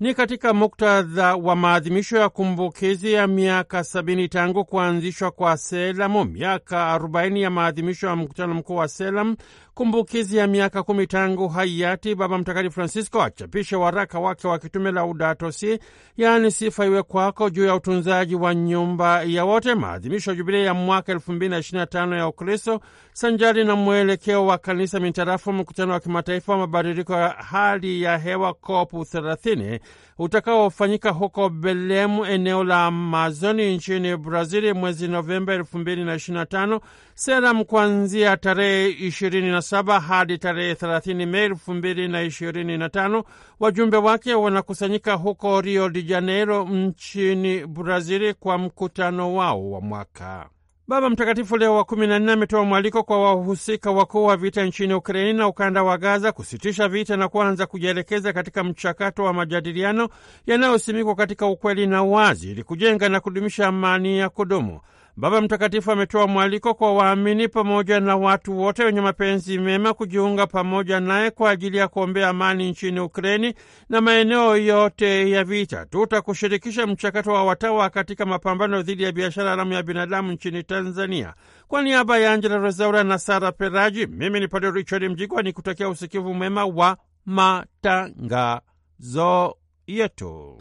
Ni katika muktadha wa maadhimisho ya kumbukizi ya miaka sabini tangu kuanzishwa kwa Selamu, miaka arobaini ya maadhimisho ya mkutano mkuu wa Selamu kumbukizi ya miaka kumi tangu hayati Baba Mtakatifu Francisco achapishe waraka wake wa kitume Laudato Si, yaani sifa iwe kwako, juu ya utunzaji wa nyumba ya wote, maadhimisho ya jubilei ya mwaka 2025 ya Ukristo sanjari na mwelekeo wa kanisa mintarafu mkutano wa kimataifa wa mabadiliko ya hali ya hewa COP 30 utakaofanyika huko Belemu, eneo la Amazoni nchini Brazili mwezi Novemba 2025, sera kuanzia tarehe 20 saba hadi tarehe 30 Mei elfu mbili na ishirini na tano. Wajumbe wake wanakusanyika huko Rio de Janeiro nchini Brazili kwa mkutano wao wa mwaka. Baba Mtakatifu Leo wa kumi na nne ametoa mwaliko kwa wahusika wakuu wa vita nchini Ukraini na ukanda wa Gaza kusitisha vita na kuanza kujielekeza katika mchakato wa majadiliano yanayosimikwa katika ukweli na wazi ili kujenga na kudumisha amani ya kudumu. Baba Mtakatifu ametoa mwaliko kwa waamini pamoja na watu wote wenye mapenzi mema kujiunga pamoja naye kwa ajili ya kuombea amani nchini Ukreni na maeneo yote ya vita. Tutakushirikisha mchakato wa watawa katika mapambano dhidi ya biashara haramu ya binadamu nchini Tanzania. Kwa niaba ya Angela Rezaura na Sara Peraji, mimi ni Padre Richard Mjigwa ni kutakia usikivu mwema wa matangazo yetu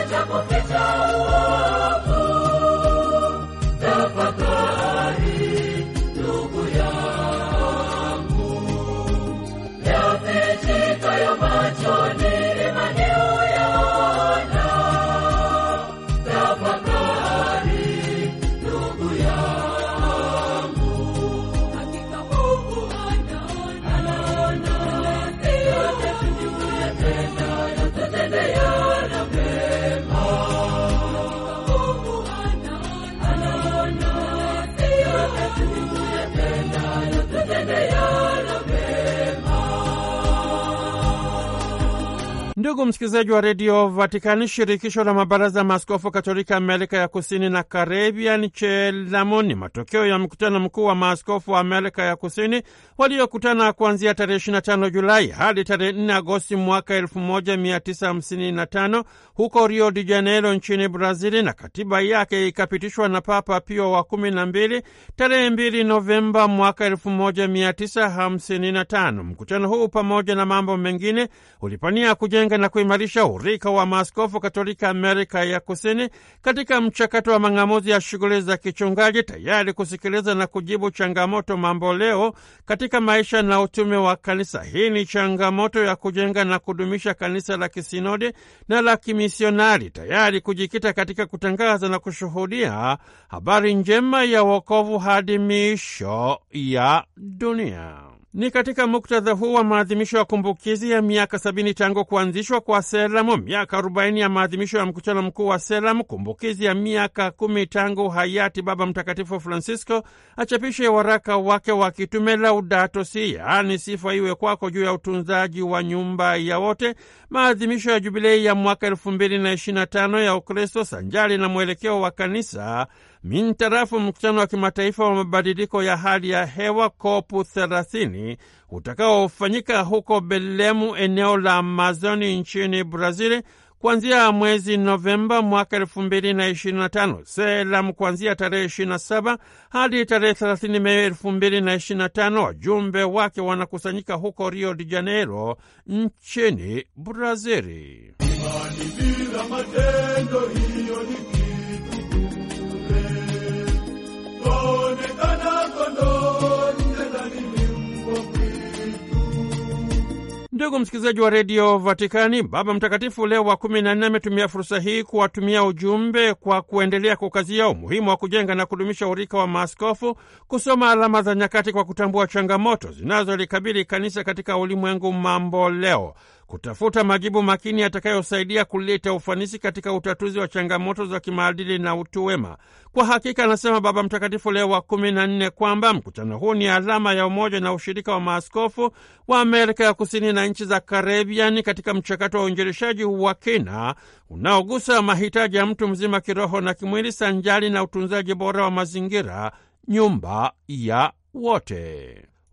utapopita uovu Ndugu msikilizaji wa redio Vatikani, shirikisho la mabaraza ya maaskofu katolika Amerika ya kusini na karebian CHELAMO, ni matokeo ya mkutano mkuu wa maaskofu wa Amerika ya kusini waliokutana kuanzia tarehe 25 Julai hadi tarehe 4 Agosti mwaka 1955 huko Rio de Janeiro nchini Brazili, na katiba yake ikapitishwa na Papa Pio wa 12 tarehe 2 Novemba mwaka 1955. Mkutano huu pamoja na mambo mengine ulipania kujenga na kuimarisha urika wa maaskofu Katolika Amerika ya Kusini katika mchakato wa mang'amuzi ya shughuli za kichungaji, tayari kusikiliza na kujibu changamoto mambo leo katika katika maisha na utume wa kanisa. Hii ni changamoto ya kujenga na kudumisha kanisa la kisinodi na la kimisionari, tayari kujikita katika kutangaza na kushuhudia habari njema ya wokovu hadi miisho ya dunia. Ni katika muktadha huu wa maadhimisho ya kumbukizi ya miaka sabini tangu kuanzishwa kwa Selamu, miaka arobaini ya maadhimisho ya mkutano mkuu wa Selamu, kumbukizi ya miaka kumi tangu hayati Baba Mtakatifu Francisco achapishe waraka wake wa kitume Laudato Si, yaani sifa iwe kwako, juu ya utunzaji wa nyumba ya wote, maadhimisho ya jubilei ya mwaka elfu mbili na ishirini na tano ya Ukristo sanjari na mwelekeo wa kanisa mintarafu mkutano wa kimataifa wa mabadiliko ya hali ya hewa kopu 30 utakaofanyika huko Belemu, eneo la Amazoni nchini Brazili kuanzia mwezi Novemba mwaka elfu mbili na ishirini na tano Selam, kuanzia tarehe ishirini na saba hadi tarehe thelathini Mei elfu mbili na ishirini na tano wajumbe wake wanakusanyika huko Rio de Janeiro nchini Brazili. Ndugu msikilizaji wa redio Vatikani, Baba Mtakatifu Leo wa kumi na nne ametumia fursa hii kuwatumia ujumbe kwa kuendelea kukazia umuhimu wa kujenga na kudumisha urika wa maaskofu, kusoma alama za nyakati kwa kutambua changamoto zinazolikabili kanisa katika ulimwengu mambo leo kutafuta majibu makini yatakayosaidia kuleta ufanisi katika utatuzi wa changamoto za kimaadili na utu wema. Kwa hakika, anasema Baba Mtakatifu Leo wa kumi na nne kwamba mkutano huu ni alama ya umoja na ushirika wa maaskofu wa Amerika ya Kusini na nchi za Karebiani katika mchakato wa uinjilishaji wa kina unaogusa mahitaji ya mtu mzima kiroho na kimwili, sanjali na utunzaji bora wa mazingira, nyumba ya wote.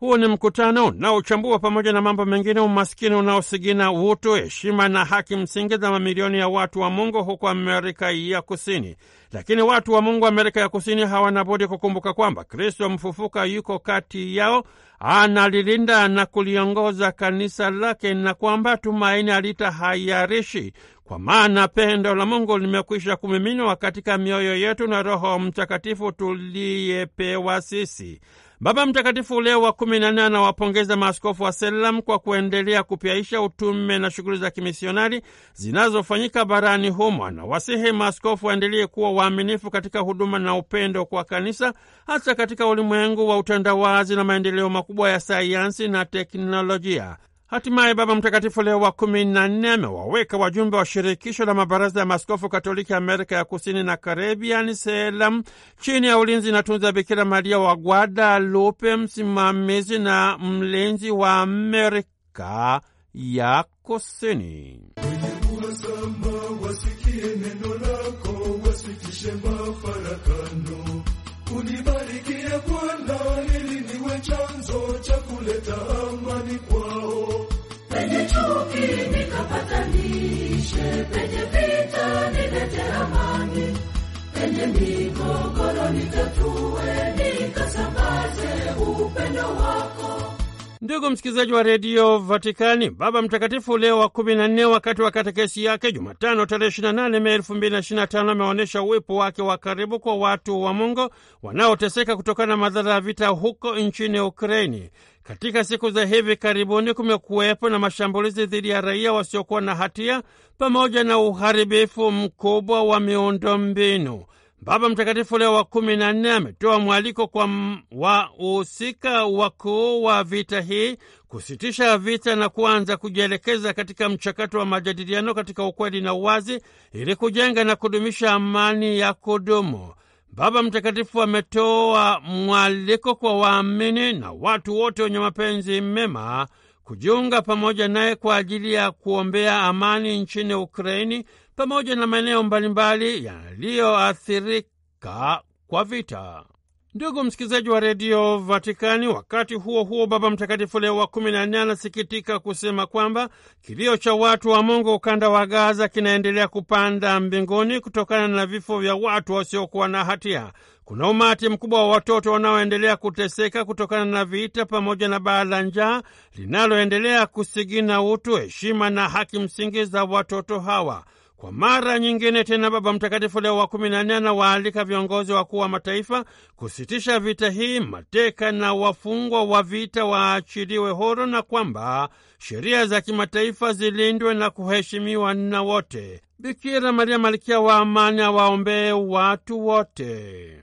Huu ni mkutano unaochambua pamoja na mambo mengine umaskini unaosigina utu, heshima na haki msingi za mamilioni ya watu wa Mungu huko Amerika ya Kusini. Lakini watu wa Mungu Amerika ya Kusini hawana budi kukumbuka kwamba Kristo mfufuka yuko kati yao, analilinda na kuliongoza kanisa lake, na kwamba tumaini halitahayarishi kwa maana pendo la Mungu limekwisha kumiminwa katika mioyo yetu na Roho Mtakatifu tuliyepewa sisi. Baba Mtakatifu Leo wa kumi na nne anawapongeza maaskofu wa Selam kwa kuendelea kupyaisha utume na shughuli za kimisionari zinazofanyika barani humo. Anawasihi maaskofu waendelee kuwa waaminifu katika huduma na upendo kwa kanisa, hasa katika ulimwengu wa utandawazi na maendeleo makubwa ya sayansi na teknolojia. Hatimaye Baba Mtakatifu Leo wa kumi na nne amewaweka wajumbe wa shirikisho la mabaraza ya maskofu Katoliki Amerika ya Kusini na karibian Selam, chini ya ulinzi na tunza Bikira Maria wa Guadalupe, msimamizi na mlinzi wa Amerika ya Kusini. nikapatanishe, penye vita nilete amani, penye migogoro nitatue, nikasambaze upendo wako Ndugu msikilizaji wa redio Vatikani, Baba Mtakatifu Leo wa kumi na nne wakati wa katekesi yake Jumatano tarehe ishirini na nane Mei elfu mbili na na tano ameonyesha uwepo wake wa karibu kwa watu wa Mungu wanaoteseka kutokana na madhara ya vita huko nchini Ukraini. Katika siku za hivi karibuni kumekuwepo na mashambulizi dhidi ya raia wasiokuwa na hatia pamoja na uharibifu mkubwa wa miundombinu. Baba Mtakatifu Leo wa kumi na nne ametoa mwaliko kwa wahusika wakuu wa vita hii kusitisha vita na kuanza kujielekeza katika mchakato wa majadiliano katika ukweli na uwazi ili kujenga na kudumisha amani ya kudumu. Baba Mtakatifu ametoa mwaliko kwa waamini na watu wote wenye mapenzi mema kujiunga pamoja naye kwa ajili ya kuombea amani nchini Ukraini pamoja na maeneo mbalimbali yaliyoathirika kwa vita. Ndugu msikilizaji wa redio Vatikani, wakati huo huo, Baba Mtakatifu Leo wa kumi na nne anasikitika kusema kwamba kilio cha watu wa Mungu ukanda wa Gaza kinaendelea kupanda mbinguni kutokana na vifo vya watu wasiokuwa na hatia. Kuna umati mkubwa wa watoto wanaoendelea kuteseka kutokana na vita pamoja na baa la njaa linaloendelea kusigina utu, heshima na haki msingi za watoto hawa. Kwa mara nyingine tena Baba Mtakatifu Leo wa kumi na nne anawaalika viongozi wakuu wa mataifa kusitisha vita hii, mateka na wafungwa wa vita waachiliwe huru, na kwamba sheria za kimataifa zilindwe na kuheshimiwa na wote. Bikira Maria Malkia wa Amani awaombee watu wote.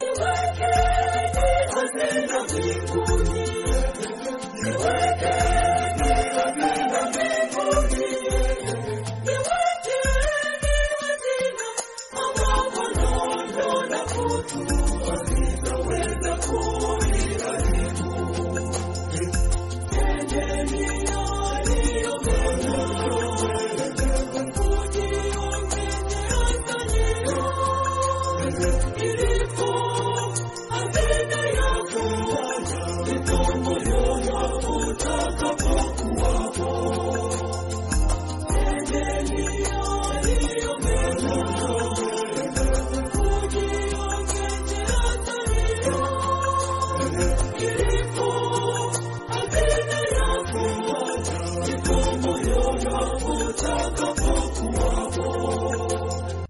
futuro.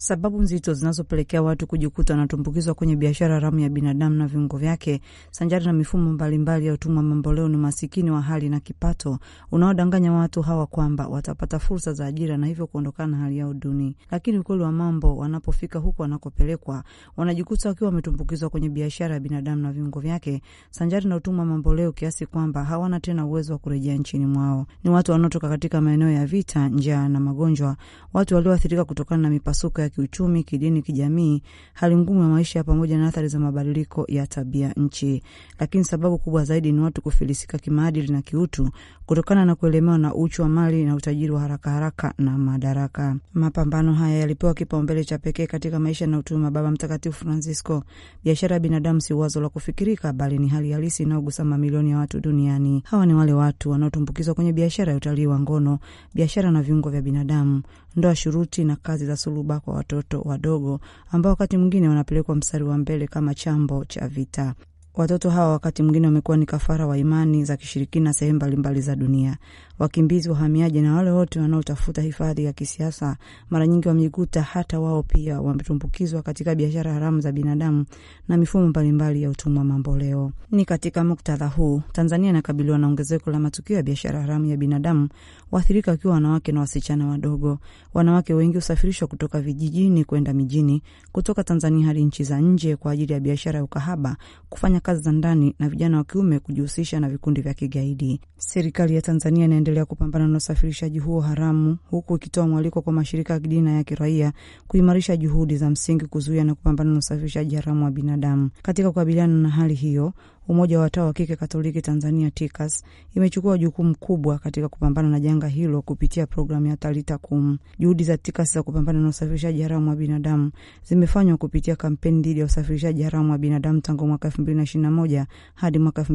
sababu nzito zinazopelekea watu kujikuta wanatumbukizwa kwenye biashara haramu ya binadamu na viungo vyake, sanjari na mifumo mbalimbali mbali ya utumwa mamboleo, ni umasikini wa hali na kipato unaodanganya watu hawa kwamba watapata fursa za ajira na hivyo kuondokana na hali yao duni. Lakini ukweli wa mambo, wanapofika huko wanakopelekwa, wanajikuta wakiwa wametumbukizwa kwenye biashara ya binadamu na viungo vyake, sanjari na utumwa mamboleo, kiasi kwamba hawana tena uwezo wa kurejea nchini mwao. Ni watu wanaotoka katika maeneo ya vita, njaa na magonjwa, watu walioathirika kutokana na mipasuko ya kiuchumi, kidini, kijamii, hali ngumu ya maisha pamoja na athari za mabadiliko ya tabia nchi. Lakini sababu kubwa zaidi ni watu kufilisika kimaadili na kiutu kutokana na kuelemewa na uchu wa mali na utajiri wa haraka haraka na madaraka. Mapambano haya yalipewa kipaumbele cha pekee katika maisha na utume wa Baba Mtakatifu Francisco. Biashara ya binadamu si wazo la kufikirika, bali ni hali halisi inayogusa mamilioni ya watu duniani. Hawa ni wale watu wanaotumbukizwa kwenye biashara ya utalii wa ngono, biashara na viungo vya binadamu ndoa shuruti na kazi za suluba kwa watoto wadogo ambao wakati mwingine wanapelekwa mstari wa mbele kama chambo cha vita. Watoto hawa wakati mwingine wamekuwa ni kafara wa imani za kishirikina sehemu mbalimbali za dunia. Wakimbizi, wahamiaji na wale wote wanaotafuta hifadhi ya kisiasa mara nyingi wamejikuta hata wao pia wametumbukizwa katika biashara haramu za binadamu na mifumo mbalimbali ya utumwa mamboleo. Ni katika muktadha huu Tanzania inakabiliwa na ongezeko la matukio ya biashara haramu ya binadamu, waathirika wakiwa wanawake na wasichana wadogo. Wanawake wengi husafirishwa kutoka vijijini kwenda mijini, kutoka Tanzania hadi nchi za nje kwa ajili ya biashara ya ukahaba, kufanya kazi za ndani, na vijana wa kiume kujihusisha na vikundi vya kigaidi. Serikali ya Tanzania inaendelea kupambana na usafirishaji huo haramu huku ikitoa mwaliko kwa mashirika ya kidini na ya kiraia kuimarisha juhudi za msingi kuzuia na kupambana na usafirishaji haramu wa binadamu. Katika kukabiliana na hali hiyo, Umoja wa Watawa wa Kike Katoliki Tanzania tikas imechukua jukumu kubwa katika kupambana na janga hilo kupitia programu ya Talita Kum. Juhudi za tikas za kupambana na usafirishaji haramu wa binadamu zimefanywa kupitia kampeni dhidi ya usafirishaji haramu wa binadamu tangu mwaka moja hadi mwaka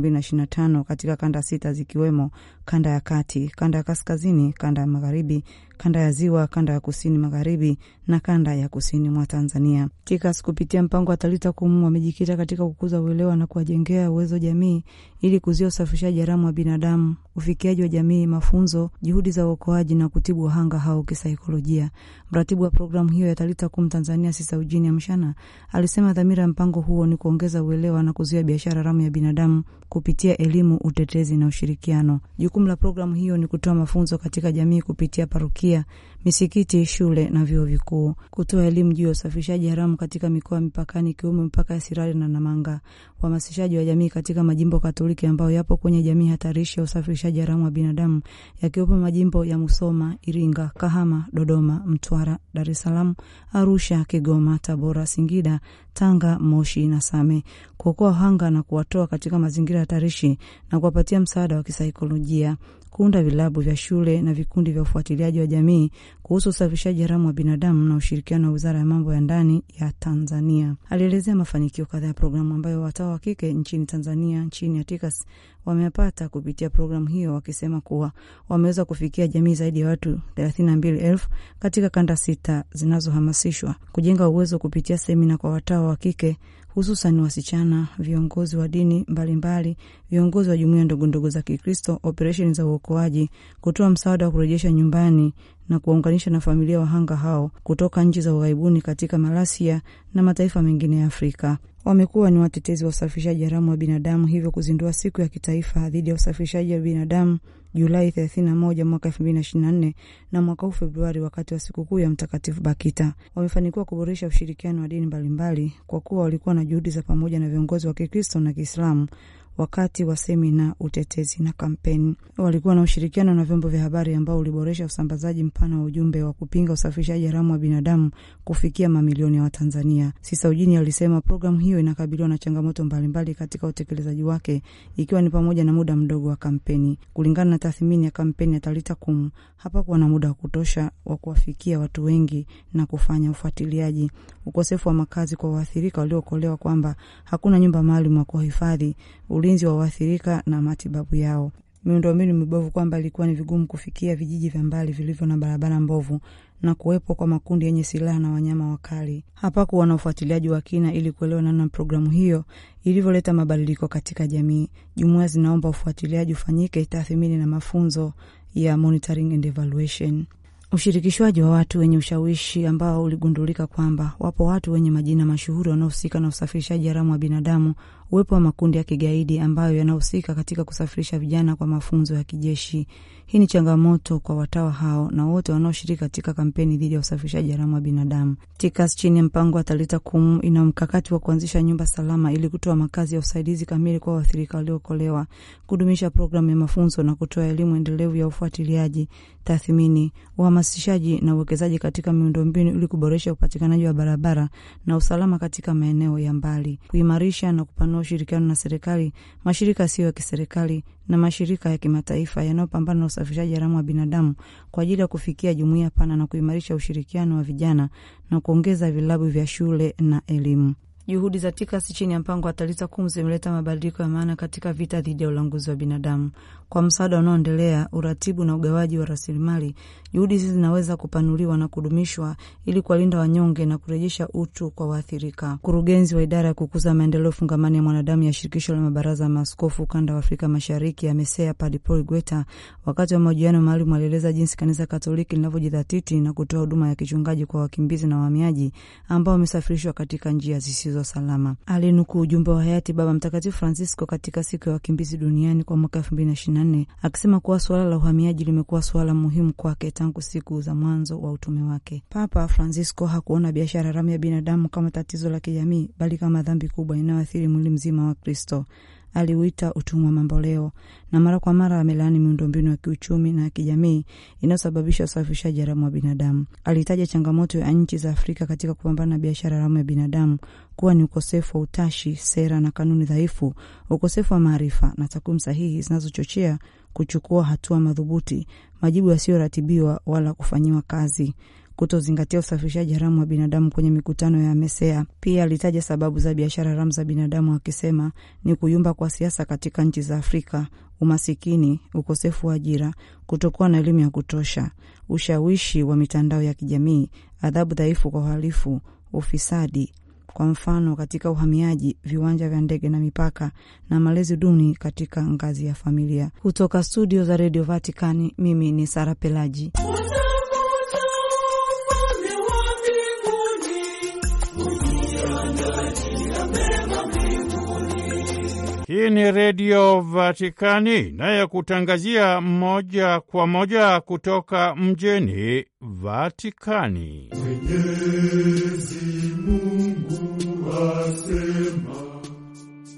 tano katika kanda sita zikiwemo kanda ya kati, kanda ya kaskazini, kanda ya magharibi, kanda ya Ziwa, kanda ya kusini magharibi na kanda ya kusini mwa Tanzania. TIKAS kupitia mpango wa Talita Kumu wamejikita katika kukuza uelewa na kuwajengea uwezo jamii ili kuzuia usafirishaji haramu wa binadamu, ufikiaji wa jamii, mafunzo, juhudi za uokoaji na kutibu wahanga hao kisaikolojia. Mratibu wa programu hiyo ya Talita Kum Tanzania, Sista Eugenia Mshana, alisema dhamira ya mpango huo ni kuongeza uelewa na kuzuia biashara haramu ya binadamu kupitia elimu, utetezi na ushirikiano. Jukumu la programu hiyo ni kutoa mafunzo katika jamii kupitia parokia misikiti, shule na vyuo vikuu, kutoa elimu juu ya usafirishaji haramu katika mikoa mipakani ikiwemo mipaka ya Sirari na Namanga, uhamasishaji wa jamii katika majimbo Katoliki ambayo yapo kwenye jamii hatarishi ya usafirishaji haramu wa binadamu yakiwepo majimbo ya Musoma, Iringa, Kahama, Dodoma, Mtwara, Dar es Salaam, Arusha, Kigoma, Tabora, Singida, Tanga, Moshi na Same, kuokoa hanga na kuwatoa katika mazingira hatarishi na kuwapatia msaada wa kisaikolojia kuunda vilabu vya shule na vikundi vya ufuatiliaji wa jamii kuhusu usafirishaji haramu wa binadamu na ushirikiano wa Wizara ya Mambo ya Ndani ya Tanzania. Alielezea mafanikio kadhaa ya programu ambayo watawa wa kike nchini Tanzania chini ya TIKAS wamepata kupitia programu hiyo, wakisema kuwa wameweza kufikia jamii zaidi ya watu 32,000 katika kanda sita zinazohamasishwa kujenga uwezo kupitia semina kwa watawa wa kike hususan wasichana, viongozi wa dini mbalimbali, viongozi wa jumuiya ndogondogo za Kikristo, operesheni za uokoaji, kutoa msaada wa kurejesha nyumbani na kuwaunganisha na familia wahanga hao kutoka nchi za ughaibuni katika Malasia na mataifa mengine ya Afrika. Wamekuwa ni watetezi wa usafirishaji haramu wa binadamu, hivyo kuzindua siku ya kitaifa dhidi ya usafirishaji wa binadamu Julai 31 mwaka 2024 na mwaka huu Februari, wakati wa sikukuu ya Mtakatifu Bakita. Wamefanikiwa kuboresha ushirikiano wa dini mbalimbali kwa kuwa walikuwa na juhudi za pamoja na viongozi wa Kikristo na Kiislamu wakati wa semina, utetezi na kampeni. Walikuwa na ushirikiano na vyombo vya habari ambao uliboresha usambazaji mpana wa ujumbe wa kupinga usafirishaji haramu wa binadamu kufikia mamilioni ya wa Watanzania. Sisa Ujini alisema programu hiyo inakabiliwa na changamoto mbalimbali mbali katika utekelezaji wake, ikiwa ni pamoja na muda mdogo wa kampeni. Kulingana na tathmini ya kampeni ya Talita Kum, hapakuwa na muda wa kutosha wa kuwafikia watu wengi na kufanya ufuatiliaji. Ukosefu wa makazi kwa waathirika waliokolewa, kwamba hakuna nyumba maalum ya kuwahifadhi ulinzi wa waathirika na matibabu yao. Miundombinu mibovu kwamba ilikuwa ni vigumu kufikia vijiji vya mbali vilivyo na barabara mbovu na kuwepo kwa makundi yenye silaha na wanyama wakali. Hapakuwa na ufuatiliaji wa kina ili kuelewa namna programu hiyo ilivyoleta mabadiliko katika jamii. Jumuiya zinaomba ufuatiliaji ufanyike, tathmini na mafunzo ya monitoring and evaluation. Ushirikishwaji wa watu wenye ushawishi ambao uligundulika kwamba wapo watu wenye majina mashuhuri wanaohusika na usafirishaji haramu wa binadamu uwepo wa makundi ya kigaidi ambayo yanahusika katika kusafirisha vijana kwa mafunzo ya kijeshi hii ni changamoto kwa watawa hao na wote wanaoshiriki katika kampeni dhidi ya usafirishaji haramu wa binadamu. TIKAS chini ya mpango wa Talita Kum ina mkakati wa kuanzisha nyumba salama ili kutoa makazi ya usaidizi kamili kwa waathirika waliokolewa, kudumisha programu ya mafunzo na kutoa elimu endelevu ya ufuatiliaji, tathmini, uhamasishaji na uwekezaji katika miundombinu ili kuboresha upatikanaji wa barabara na usalama katika maeneo ya mbali, kuimarisha na kupanua ushirikiano na serikali, mashirika yasiyo ya kiserikali na mashirika ya kimataifa yanayopambana usafirishaji haramu wa binadamu kwa ajili ya kufikia jumuiya pana na kuimarisha ushirikiano wa vijana na kuongeza vilabu vya shule na elimu. Juhudi za TIKAS chini ya mpango wa TALITA kum zimeleta mabadiliko ya maana katika vita dhidi ya ulanguzi wa binadamu. Kwa msaada unaoendelea, uratibu na ugawaji wa rasilimali, juhudi hizi zinaweza kupanuliwa na kudumishwa ili kuwalinda wanyonge na kurejesha utu kwa waathirika. Mkurugenzi wa idara ya kukuza maendeleo fungamani ya mwanadamu ya shirikisho la mabaraza ya maaskofu ukanda wa Afrika Mashariki amesea Padre Paul Gweta wakati wa mahojiano maalum alieleza jinsi kanisa Katoliki linavyojidhatiti na kutoa huduma ya kichungaji kwa wakimbizi na wahamiaji ambao wamesafirishwa katika njia zisizo salama. Alinukuu ujumbe wa hayati Baba Mtakatifu Francisco katika siku ya wakimbizi duniani kwa mwaka elfu mbili na ishirini nane akisema kuwa suala la uhamiaji limekuwa suala muhimu kwake tangu siku za mwanzo wa utume wake. Papa Francisco hakuona biashara haramu ya binadamu kama tatizo la kijamii, bali kama dhambi kubwa inayoathiri mwili mzima wa Kristo aliuita utumwa mamboleo na mara kwa mara amelaani miundombinu ya kiuchumi na kijamii inayosababisha usafirishaji haramu wa binadamu. Alitaja changamoto ya nchi za Afrika katika kupambana na biashara haramu ya binadamu kuwa ni ukosefu wa utashi, sera na kanuni dhaifu, ukosefu wa maarifa na takwimu sahihi zinazochochea kuchukua hatua madhubuti, majibu yasiyoratibiwa wala kufanyiwa kazi kutozingatia usafirishaji haramu wa binadamu kwenye mikutano ya AMESEA. Pia alitaja sababu za biashara haramu za binadamu akisema ni kuyumba kwa siasa katika nchi za Afrika, umasikini, ukosefu wa ajira, kutokuwa na elimu ya kutosha, ushawishi wa mitandao ya kijamii, adhabu dhaifu kwa uhalifu, ufisadi kwa mfano katika uhamiaji, viwanja vya ndege na mipaka, na malezi duni katika ngazi ya familia. Kutoka studio za redio Vaticani, mimi ni Sara Pelaji. Hii ni Redio Vatikani inayokutangazia moja kwa moja kutoka mjini Vatikani. Mwenyezi Mungu asema,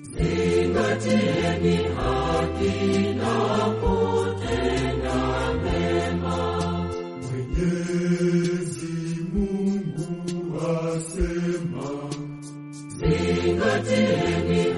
zingatieni haki na kutenda mema. Mwenyezi Mungu asema, zingatieni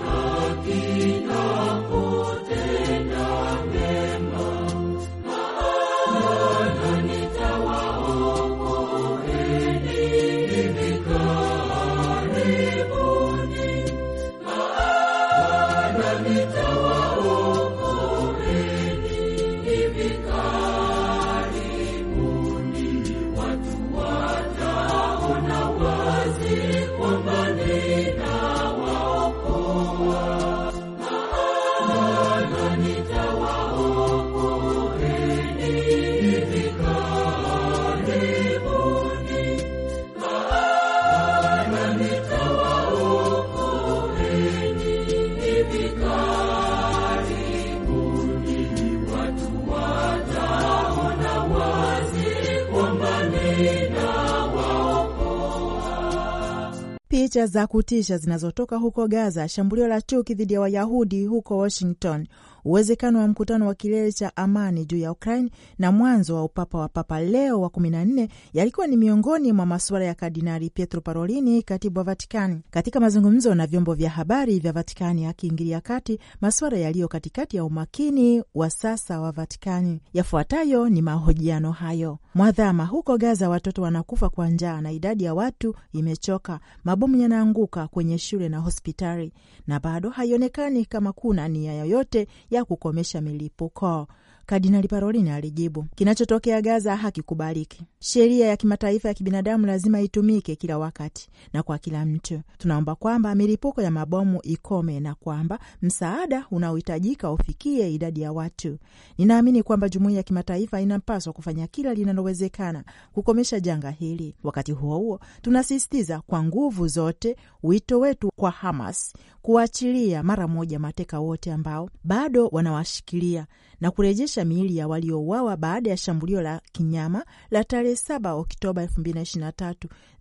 picha za kutisha zinazotoka huko Gaza, shambulio la chuki dhidi ya Wayahudi huko Washington, uwezekano wa mkutano wa kilele cha amani juu ya Ukraine na mwanzo wa upapa wa Papa Leo wa kumi na nne yalikuwa ni miongoni mwa masuala ya Kardinali Pietro Parolini, katibu wa Vatikani. Katika mazungumzo na vyombo vya habari vya Vatikani, akiingilia kati masuala yaliyo katikati ya umakini wa sasa wa Vatikani. Yafuatayo ni mahojiano hayo. Mwadhama, huko Gaza watoto wanakufa kwa njaa na idadi ya watu imechoka. Mabomu yanaanguka kwenye shule na hospitali, na bado haionekani kama kuna nia yoyote ya ya kukomesha milipuko. Kardinali Parolin alijibu, kinachotokea Gaza hakikubaliki. Sheria ya kimataifa ya kibinadamu lazima itumike kila wakati na kwa kila mtu. Tunaomba kwamba milipuko ya mabomu ikome na kwamba msaada unaohitajika ufikie idadi ya watu. Ninaamini kwamba jumuiya ya kimataifa inapaswa kufanya kila linalowezekana kukomesha janga hili. Wakati huo huo, tunasisitiza kwa nguvu zote wito wetu kwa Hamas kuachilia mara moja mateka wote ambao bado wanawashikilia na kurejesha miili ya waliouawa baada ya shambulio la kinyama la tarehe 7 Oktoba 2023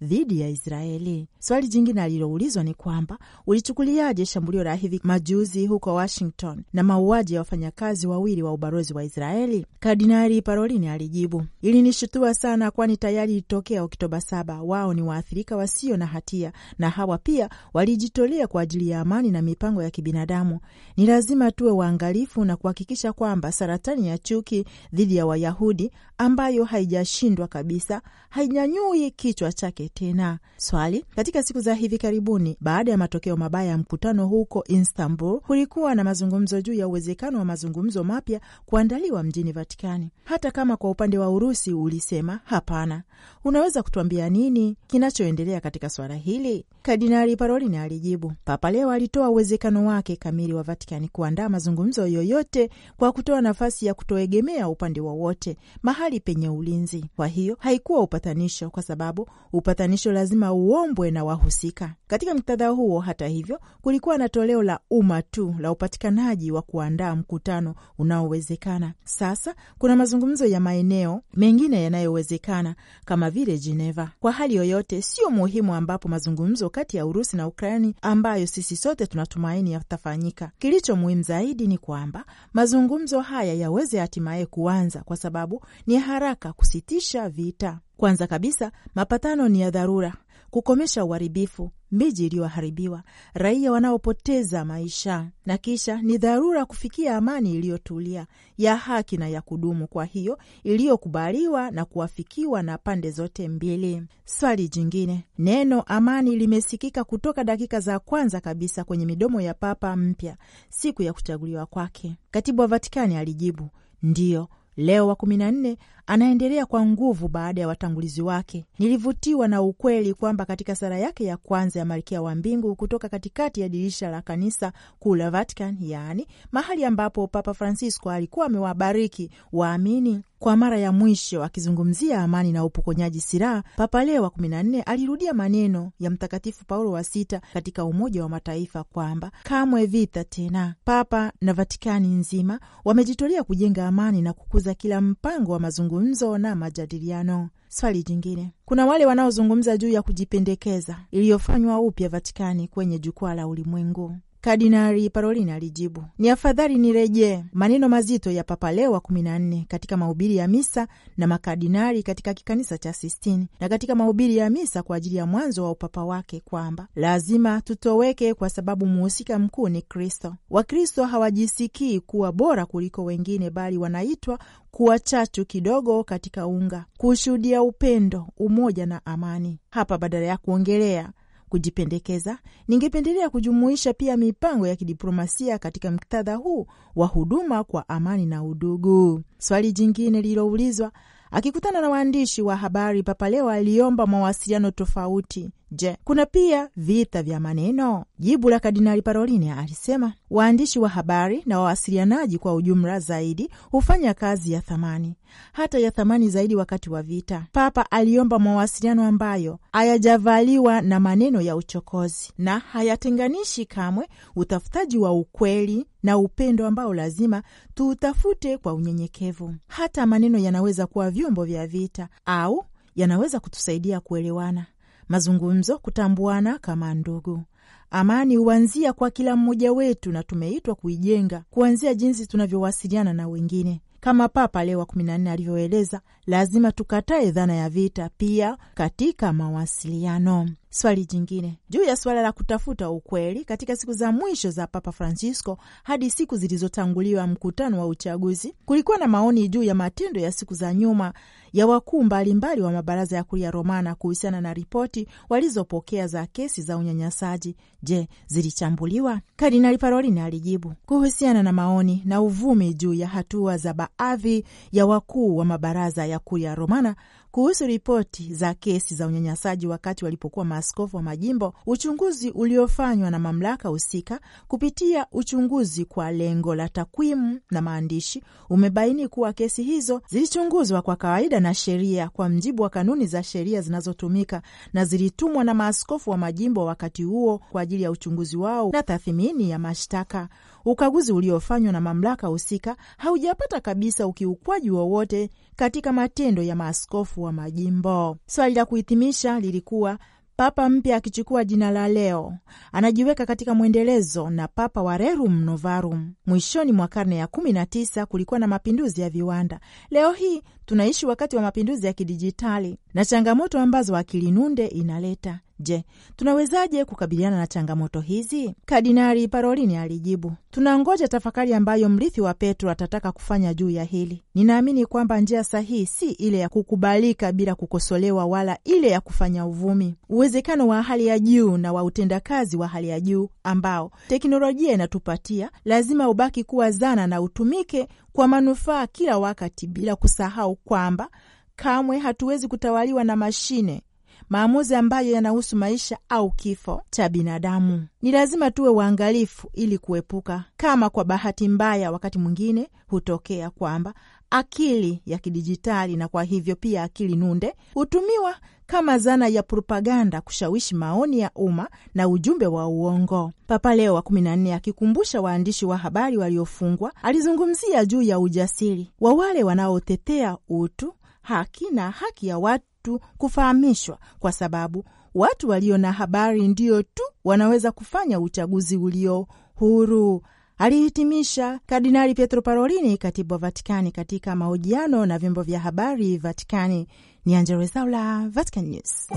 dhidi ya Israeli. Swali jingine aliloulizwa ni kwamba ulichukuliaje shambulio la hivi majuzi huko Washington na mauaji ya wafanyakazi wawili wa ubalozi wa Israeli? Kardinali Parolini alijibu, ilinishutua sana, kwani tayari ilitokea Oktoba 7. Wao ni waathirika wasio na hatia, na hawa pia walijitolea kwa ajili ya amani na mipango ya kibinadamu. Ni lazima tuwe waangalifu na kuhakikisha kwamba kwamba saratani ya chuki dhidi ya Wayahudi ambayo haijashindwa kabisa hainyanyui kichwa chake tena. Swali katika siku za hivi karibuni, baada ya matokeo mabaya ya mkutano huko Istanbul, kulikuwa na mazungumzo juu ya uwezekano wa mazungumzo mapya kuandaliwa mjini Vatikani, hata kama kwa upande wa Urusi ulisema hapana. Unaweza kutuambia nini kinachoendelea katika swala hili? Kardinali Parolin alijibu, Papa leo alitoa uwezekano wake kamili wa Vatikani kuandaa mazungumzo yoyote kwa kutoa kutoa nafasi ya kutoegemea upande wowote mahali penye ulinzi. Kwa hiyo haikuwa upatanisho, kwa sababu upatanisho lazima uombwe na wahusika. Katika muktadha huo, hata hivyo, kulikuwa na toleo la umma tu la upatikanaji wa kuandaa mkutano unaowezekana. Sasa kuna mazungumzo ya maeneo mengine yanayowezekana kama vile Geneva. Kwa hali yoyote, sio muhimu ambapo mazungumzo kati ya Urusi na Ukraini ambayo sisi sote tunatumaini yatafanyika. Kilicho muhimu zaidi ni kwamba mazungumzo haya yaweze hatimaye kuanza, kwa sababu ni haraka kusitisha vita. Kwanza kabisa, mapatano ni ya dharura kukomesha uharibifu, miji iliyoharibiwa, raia wanaopoteza maisha, na kisha ni dharura kufikia amani iliyotulia ya haki na ya kudumu, kwa hiyo iliyokubaliwa na kuafikiwa na pande zote mbili. Swali jingine, neno amani limesikika kutoka dakika za kwanza kabisa kwenye midomo ya Papa mpya siku ya kuchaguliwa kwake. Katibu wa Vatikani alijibu ndiyo Leo wa kumi na nne anaendelea kwa nguvu baada ya watangulizi wake. Nilivutiwa na ukweli kwamba katika sala yake ya kwanza ya Malkia wa Mbingu kutoka katikati ya dirisha la kanisa kuu la Vatican, yaani mahali ambapo Papa Francisco alikuwa amewabariki waamini kwa mara ya mwisho akizungumzia amani na upokonyaji silaha, Papa Leo wa kumi na nne alirudia maneno ya Mtakatifu Paulo wa Sita katika Umoja wa Mataifa kwamba kamwe vita tena. Papa na Vatikani nzima wamejitolea kujenga amani na kukuza kila mpango wa mazungumzo na majadiliano. Swali jingine, kuna wale wanaozungumza juu ya kujipendekeza iliyofanywa upya Vatikani kwenye jukwaa la ulimwengu. Kardinali Parolin alijibu, ni afadhali nirejee. Maneno mazito ya Papa Leo wa kumi na nne katika mahubiri ya misa na makardinali katika kikanisa cha Sistini na katika mahubiri ya misa kwa ajili ya mwanzo wa upapa wake kwamba lazima tutoweke, kwa sababu muhusika mkuu ni Kristo. Wakristo hawajisikii kuwa bora kuliko wengine, bali wanaitwa kuwa chachu kidogo katika unga, kushuhudia upendo, umoja na amani. Hapa badala ya kuongelea kujipendekeza, ningependelea kujumuisha pia mipango ya kidiplomasia katika muktadha huu wa huduma kwa amani na udugu. Swali jingine lililoulizwa Akikutana na waandishi wa habari, Papa leo aliomba mawasiliano tofauti Je, kuna pia vita vya maneno? Jibu la Kardinali Parolini alisema waandishi wa habari na wawasilianaji kwa ujumla zaidi hufanya kazi ya thamani, hata ya thamani zaidi wakati wa vita. Papa aliomba mawasiliano ambayo hayajavaliwa na maneno ya uchokozi na hayatenganishi kamwe utafutaji wa ukweli na upendo ambao lazima tuutafute kwa unyenyekevu. Hata maneno yanaweza kuwa vyombo vya vita au yanaweza kutusaidia kuelewana mazungumzo, kutambuana kama ndugu. Amani huanzia kwa kila mmoja wetu na tumeitwa kuijenga kuanzia jinsi tunavyowasiliana na wengine. Kama Papa Leo wa 14 alivyoeleza, lazima tukatae dhana ya vita pia katika mawasiliano. Swali jingine juu ya suala la kutafuta ukweli katika siku za mwisho za Papa Francisco hadi siku zilizotanguliwa mkutano wa uchaguzi, kulikuwa na maoni juu ya matendo ya siku za nyuma ya wakuu mbalimbali wa mabaraza ya Kuria Romana kuhusiana na ripoti walizopokea za kesi za unyanyasaji. Je, zilichambuliwa? Kardinali Parolin alijibu kuhusiana na maoni na uvumi juu ya hatua za baadhi ya wakuu wa mabaraza ya Kuria Romana kuhusu ripoti za kesi za unyanyasaji wakati walipokuwa maaskofu wa majimbo, uchunguzi uliofanywa na mamlaka husika kupitia uchunguzi kwa lengo la takwimu na maandishi umebaini kuwa kesi hizo zilichunguzwa kwa kawaida na sheria kwa mjibu wa kanuni za sheria zinazotumika na zilitumwa na maaskofu wa majimbo wakati huo kwa ajili ya uchunguzi wao na tathmini ya mashtaka. Ukaguzi uliofanywa na mamlaka husika haujapata kabisa ukiukwaji wowote katika matendo ya maaskofu wa majimbo. Swali la kuhitimisha lilikuwa Papa mpya akichukua jina la Leo anajiweka katika mwendelezo na papa wa Rerum Novarum. Mwishoni mwa karne ya 19 kulikuwa na mapinduzi ya viwanda. Leo hii tunaishi wakati wa mapinduzi ya kidijitali na changamoto ambazo akili nunde inaleta. Je, tunawezaje kukabiliana na changamoto hizi? Kardinali Parolini alijibu, tunangoja tafakari ambayo mrithi wa Petro atataka kufanya juu ya hili. Ninaamini kwamba njia sahihi si ile ya kukubalika bila kukosolewa wala ile ya kufanya uvumi, uwezekano wa hali ya juu na wa utendakazi wa hali ya juu ambao teknolojia inatupatia lazima ubaki kuwa zana na utumike kwa manufaa kila wakati, bila kusahau kwamba kamwe hatuwezi kutawaliwa na mashine maamuzi ambayo yanahusu maisha au kifo cha binadamu. Ni lazima tuwe waangalifu ili kuepuka, kama kwa bahati mbaya wakati mwingine hutokea, kwamba akili ya kidijitali na kwa hivyo pia akili nunde hutumiwa kama zana ya propaganda kushawishi maoni ya umma na ujumbe wa uongo. Papa Leo wa kumi na nne akikumbusha waandishi wa habari waliofungwa, alizungumzia juu ya ujasiri wa wale wanaotetea utu, haki na haki ya watu watu kufahamishwa, kwa sababu watu walio na habari ndio tu wanaweza kufanya uchaguzi ulio huru, alihitimisha Kardinali Pietro Parolini, katibu wa Vatikani, katika mahojiano na vyombo vya habari Vatikani. Ni Angella Rwezaula, Vatican News.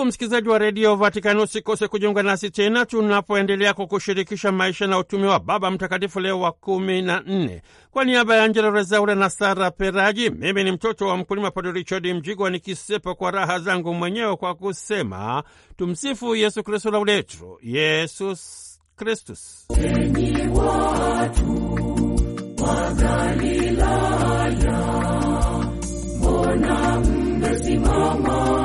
Ndugu msikilizaji wa redio Vatikani, usikose kujiunga nasi tena tunapoendelea kukushirikisha maisha na utumi wa Baba Mtakatifu Leo wa kumi na nne. Kwa niaba ya Angela Rezaura na Sara Peraji, mimi ni mtoto wa mkulima Padre Richard Mjigwa nikisepa kwa raha zangu mwenyewe kwa kusema tumsifu Yesu Kristu, lauletu Yesus Kristus. Enyi watu wa Galilaya, mbona mmesimama